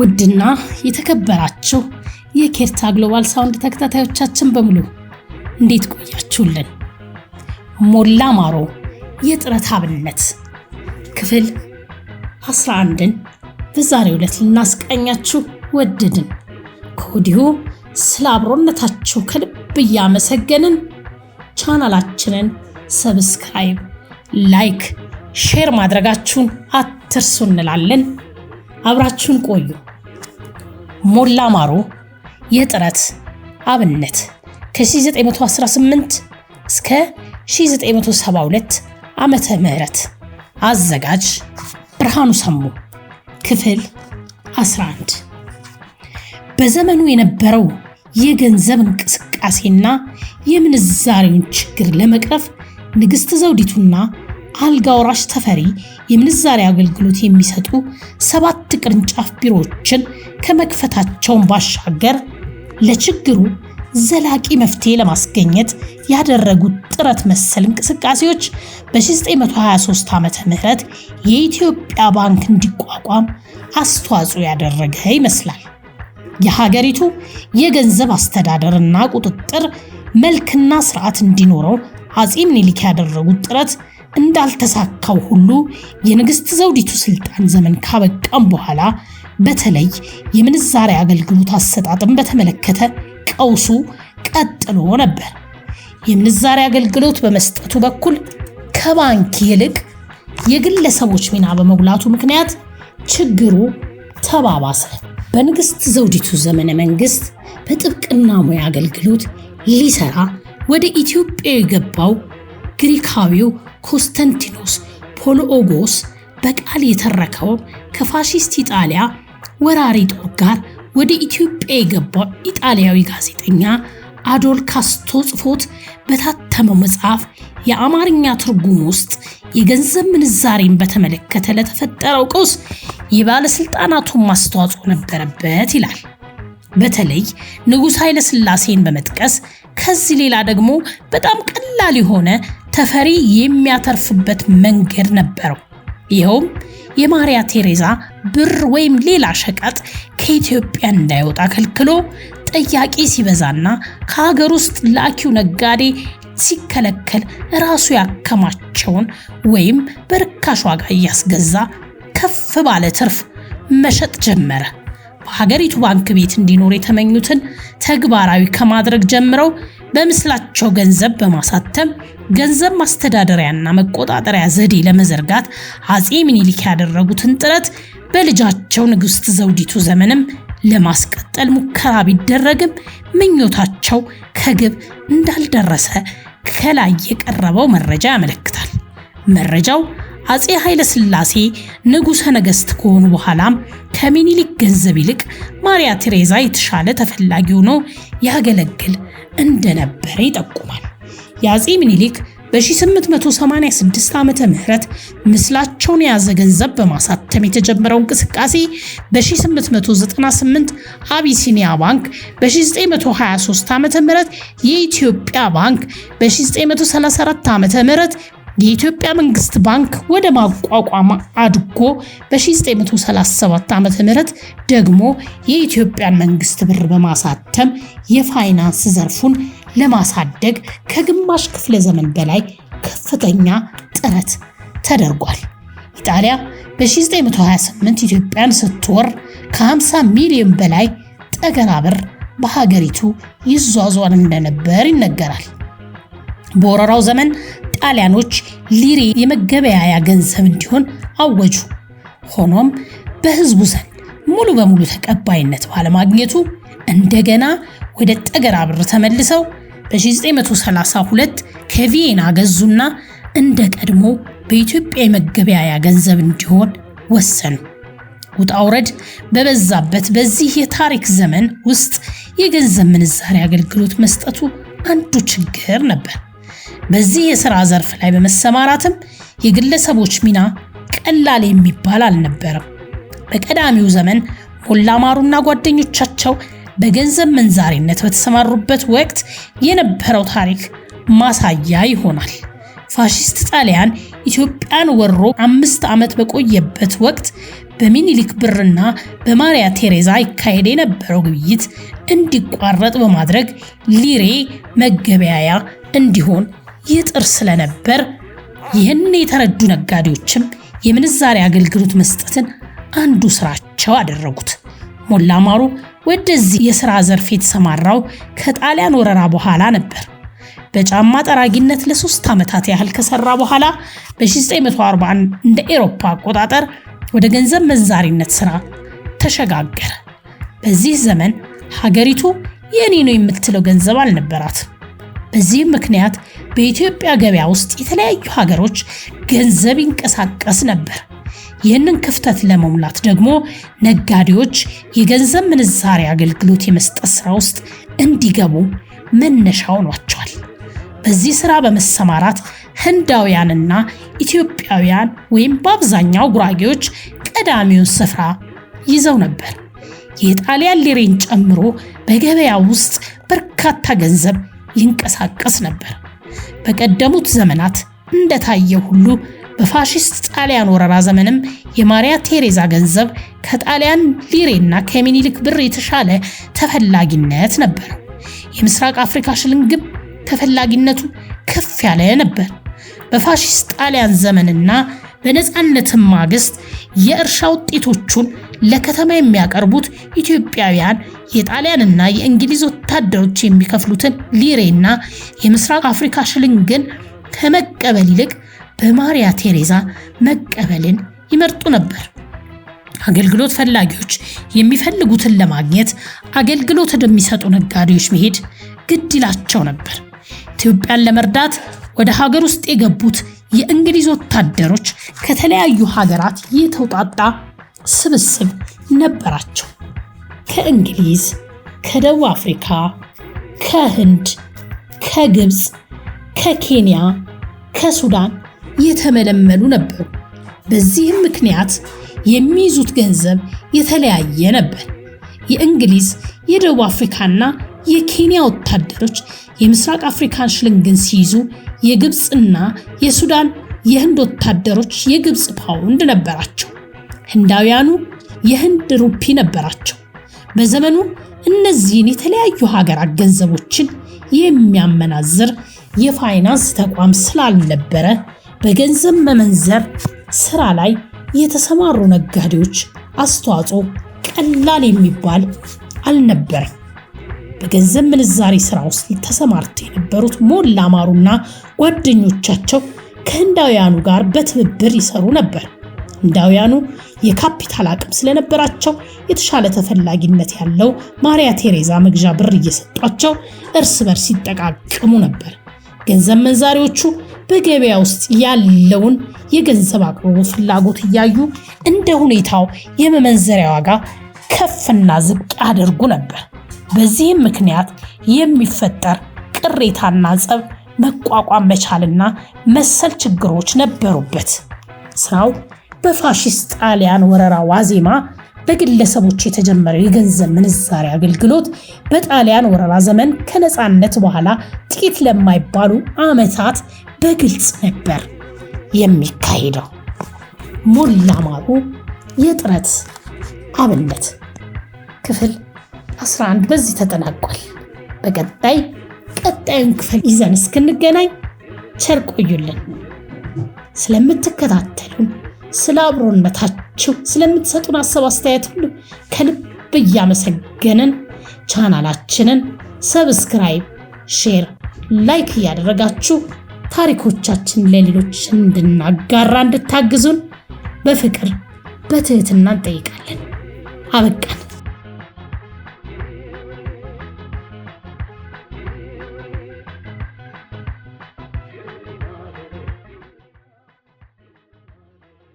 ውድና የተከበራችሁ የኬርታ ግሎባል ሳውንድ ተከታታዮቻችን በሙሉ እንዴት ቆያችሁልን? ሞላ ማሮ የጥረት አብነት ክፍል 11ን በዛሬው ዕለት ልናስቃኛችሁ ወደድን። ከወዲሁ ስለ አብሮነታችሁ ከልብ እያመሰገንን ቻናላችንን ሰብስክራይብ፣ ላይክ፣ ሼር ማድረጋችሁን አትርሱ እንላለን። አብራችሁን ቆዩ። ሞላ ማሮ የጥረት አብነት ከ1918 እስከ 1972 ዓመተ ምህረት አዘጋጅ ብርሃኑ ሰሙ ክፍል 11 በዘመኑ የነበረው የገንዘብ እንቅስቃሴና የምንዛሬውን ችግር ለመቅረፍ ንግሥት ዘውዲቱና አልጋ ወራሽ ተፈሪ የምንዛሬ አገልግሎት የሚሰጡ ሰባት ቅርንጫፍ ቢሮዎችን ከመክፈታቸውን ባሻገር ለችግሩ ዘላቂ መፍትሄ ለማስገኘት ያደረጉት ጥረት መሰል እንቅስቃሴዎች በ1923 ዓ ም የኢትዮጵያ ባንክ እንዲቋቋም አስተዋጽኦ ያደረገ ይመስላል። የሀገሪቱ የገንዘብ አስተዳደርና ቁጥጥር መልክና ስርዓት እንዲኖረው አጼ ምኒልክ ያደረጉት ጥረት እንዳልተሳካው ሁሉ የንግሥት ዘውዲቱ ስልጣን ዘመን ካበቃም በኋላ በተለይ የምንዛሬ አገልግሎት አሰጣጥን በተመለከተ ቀውሱ ቀጥሎ ነበር። የምንዛሬ አገልግሎት በመስጠቱ በኩል ከባንክ ይልቅ የግለሰቦች ሚና በመጉላቱ ምክንያት ችግሩ ተባባሰ። በንግሥት ዘውዲቱ ዘመነ መንግሥት በጥብቅና ሙያ አገልግሎት ሊሰራ ወደ ኢትዮጵያ የገባው ግሪካዊው ኮንስታንቲኖስ ፖሎኦጎስ በቃል የተረከውን ከፋሺስት ኢጣሊያ ወራሪ ጦር ጋር ወደ ኢትዮጵያ የገባው ኢጣሊያዊ ጋዜጠኛ አዶል ካስቶ ጽፎት በታተመው መጽሐፍ የአማርኛ ትርጉም ውስጥ የገንዘብ ምንዛሬን በተመለከተ ለተፈጠረው ቀውስ የባለሥልጣናቱን ማስተዋጽኦ ነበረበት ይላል። በተለይ ንጉሥ ኃይለ ሥላሴን በመጥቀስ ከዚህ ሌላ ደግሞ በጣም ቀላል የሆነ ተፈሪ የሚያተርፍበት መንገድ ነበረው። ይኸውም የማሪያ ቴሬዛ ብር ወይም ሌላ ሸቀጥ ከኢትዮጵያ እንዳይወጣ ከልክሎ ጠያቂ ሲበዛና ከሀገር ውስጥ ላኪው ነጋዴ ሲከለከል ራሱ ያከማቸውን ወይም በርካሽ ዋጋ እያስገዛ ከፍ ባለ ትርፍ መሸጥ ጀመረ። በሀገሪቱ ባንክ ቤት እንዲኖር የተመኙትን ተግባራዊ ከማድረግ ጀምረው በምስላቸው ገንዘብ በማሳተም ገንዘብ ማስተዳደሪያና መቆጣጠሪያ ዘዴ ለመዘርጋት አፄ ምኒልክ ያደረጉትን ጥረት በልጃቸው ንግስት ዘውዲቱ ዘመንም ለማስቀጠል ሙከራ ቢደረግም ምኞታቸው ከግብ እንዳልደረሰ ከላይ የቀረበው መረጃ ያመለክታል። መረጃው አፄ ኃይለ ሥላሴ ንጉሠ ነገሥት ከሆኑ በኋላም ከሚኒሊክ ገንዘብ ይልቅ ማሪያ ቴሬዛ የተሻለ ተፈላጊ ሆኖ ያገለግል እንደነበረ ይጠቁማል። የአፄ ምኒልክ በ1886 ዓመተ ምህረት ምስላቸውን የያዘ ገንዘብ በማሳተም የተጀመረው እንቅስቃሴ በ1898 አቢሲኒያ ባንክ፣ በ1923 ዓመተ ምህረት የኢትዮጵያ ባንክ፣ በ1934 ዓመተ ምህረት የኢትዮጵያ መንግስት ባንክ ወደ ማቋቋም አድጎ በ1937 ዓ ም ደግሞ የኢትዮጵያን መንግስት ብር በማሳተም የፋይናንስ ዘርፉን ለማሳደግ ከግማሽ ክፍለ ዘመን በላይ ከፍተኛ ጥረት ተደርጓል። ኢጣሊያ በ1928 ኢትዮጵያን ስትወር ከ50 ሚሊዮን በላይ ጠገራ ብር በሀገሪቱ ይዟዟር እንደነበር ይነገራል። በወረራው ዘመን ጣሊያኖች ሊሬ የመገበያያ ገንዘብ እንዲሆን አወጁ። ሆኖም በህዝቡ ዘንድ ሙሉ በሙሉ ተቀባይነት ባለማግኘቱ እንደገና ወደ ጠገራ ብር ተመልሰው በ1932 ከቪየና ገዙና እንደ ቀድሞ በኢትዮጵያ የመገበያያ ገንዘብ እንዲሆን ወሰኑ። ውጣ ውረድ በበዛበት በዚህ የታሪክ ዘመን ውስጥ የገንዘብ ምንዛሬ አገልግሎት መስጠቱ አንዱ ችግር ነበር። በዚህ የሥራ ዘርፍ ላይ በመሰማራትም የግለሰቦች ሚና ቀላል የሚባል አልነበረም። በቀዳሚው ዘመን ሞላ ማሩና ጓደኞቻቸው በገንዘብ መንዛሪነት በተሰማሩበት ወቅት የነበረው ታሪክ ማሳያ ይሆናል። ፋሺስት ጣሊያን ኢትዮጵያን ወሮ አምስት ዓመት በቆየበት ወቅት በሚኒሊክ ብርና በማሪያ ቴሬዛ ይካሄድ የነበረው ግብይት እንዲቋረጥ በማድረግ ሊሬ መገበያያ እንዲሆን ይጥር ስለነበር ይህን የተረዱ ነጋዴዎችም የምንዛሬ አገልግሎት መስጠትን አንዱ ስራቸው አደረጉት። ሞላ ማሩ ወደዚህ የስራ ዘርፍ የተሰማራው ከጣሊያን ወረራ በኋላ ነበር። በጫማ ጠራጊነት ለሶስት ዓመታት ያህል ከሰራ በኋላ በ1941 እንደ ኤሮፓ አቆጣጠር ወደ ገንዘብ ምንዛሪነት ስራ ተሸጋገረ። በዚህ ዘመን ሀገሪቱ የኔ ነው የምትለው ገንዘብ አልነበራትም። በዚህም ምክንያት በኢትዮጵያ ገበያ ውስጥ የተለያዩ ሀገሮች ገንዘብ ይንቀሳቀስ ነበር። ይህንን ክፍተት ለመሙላት ደግሞ ነጋዴዎች የገንዘብ ምንዛሬ አገልግሎት የመስጠት ስራ ውስጥ እንዲገቡ መነሻ ሆኗቸዋል። በዚህ ስራ በመሰማራት ህንዳውያንና ኢትዮጵያውያን ወይም በአብዛኛው ጉራጌዎች ቀዳሚውን ስፍራ ይዘው ነበር። የጣሊያን ሊሬን ጨምሮ በገበያ ውስጥ በርካታ ገንዘብ ይንቀሳቀስ ነበር። በቀደሙት ዘመናት እንደታየው ሁሉ በፋሺስት ጣሊያን ወረራ ዘመንም የማሪያ ቴሬዛ ገንዘብ ከጣሊያን ሊሬና ከሚኒሊክ ብር የተሻለ ተፈላጊነት ነበር። የምስራቅ አፍሪካ ሽልንግም ተፈላጊነቱ ከፍ ያለ ነበር። በፋሽስት ጣሊያን ዘመንና በነፃነትም ማግስት የእርሻ ውጤቶቹን ለከተማ የሚያቀርቡት ኢትዮጵያውያን የጣሊያንና የእንግሊዝ ወታደሮች የሚከፍሉትን ሊሬና የምስራቅ አፍሪካ ሽልንግን ከመቀበል ይልቅ በማሪያ ቴሬዛ መቀበልን ይመርጡ ነበር። አገልግሎት ፈላጊዎች የሚፈልጉትን ለማግኘት አገልግሎት ወደሚሰጡ ነጋዴዎች መሄድ ግድ ይላቸው ነበር። ኢትዮጵያን ለመርዳት ወደ ሀገር ውስጥ የገቡት የእንግሊዝ ወታደሮች ከተለያዩ ሀገራት የተውጣጣ ስብስብ ነበራቸው። ከእንግሊዝ፣ ከደቡብ አፍሪካ፣ ከህንድ፣ ከግብፅ፣ ከኬንያ፣ ከሱዳን የተመለመሉ ነበሩ። በዚህም ምክንያት የሚይዙት ገንዘብ የተለያየ ነበር። የእንግሊዝ፣ የደቡብ አፍሪካና የኬንያ ወታደሮች የምስራቅ አፍሪካን ሽልንግን ሲይዙ የግብፅና የሱዳን የህንድ ወታደሮች የግብፅ ፓውንድ ነበራቸው። ህንዳውያኑ የህንድ ሩፒ ነበራቸው። በዘመኑ እነዚህን የተለያዩ ሀገራት ገንዘቦችን የሚያመናዝር የፋይናንስ ተቋም ስላልነበረ በገንዘብ መመንዘር ስራ ላይ የተሰማሩ ነጋዴዎች አስተዋጽኦ ቀላል የሚባል አልነበረም። በገንዘብ ምንዛሬ ስራ ውስጥ ተሰማርተው የነበሩት ሞላ ማሩና ጓደኞቻቸው ከህንዳውያኑ ጋር በትብብር ይሰሩ ነበር። ህንዳውያኑ የካፒታል አቅም ስለነበራቸው የተሻለ ተፈላጊነት ያለው ማሪያ ቴሬዛ መግዣ ብር እየሰጧቸው እርስ በርስ ይጠቃቀሙ ነበር። ገንዘብ መንዛሪዎቹ በገበያ ውስጥ ያለውን የገንዘብ አቅርቦት ፍላጎት እያዩ እንደ ሁኔታው የመመንዘሪያ ዋጋ ከፍና ዝቅ ያደርጉ ነበር። በዚህም ምክንያት የሚፈጠር ቅሬታና ጸብ መቋቋም መቻልና መሰል ችግሮች ነበሩበት። ስራው በፋሺስት ጣሊያን ወረራ ዋዜማ በግለሰቦች የተጀመረው የገንዘብ ምንዛሪ አገልግሎት በጣሊያን ወረራ ዘመን ከነፃነት በኋላ ጥቂት ለማይባሉ ዓመታት በግልጽ ነበር የሚካሄደው። ሞላ ማሩ የጥረት አብነት ክፍል 11 በዚህ ተጠናቋል። በቀጣይ ቀጣዩን ክፍል ይዘን እስክንገናኝ ቸር ቆዩልን። ስለምትከታተሉን፣ ስለ አብሮነታችሁ፣ ስለምትሰጡን አሳብ አስተያየት ሁሉ ከልብ እያመሰገንን ቻናላችንን ሰብስክራይብ፣ ሼር፣ ላይክ እያደረጋችሁ ታሪኮቻችን ለሌሎች እንድናጋራ እንድታግዙን በፍቅር በትህትና እንጠይቃለን። አበቃን።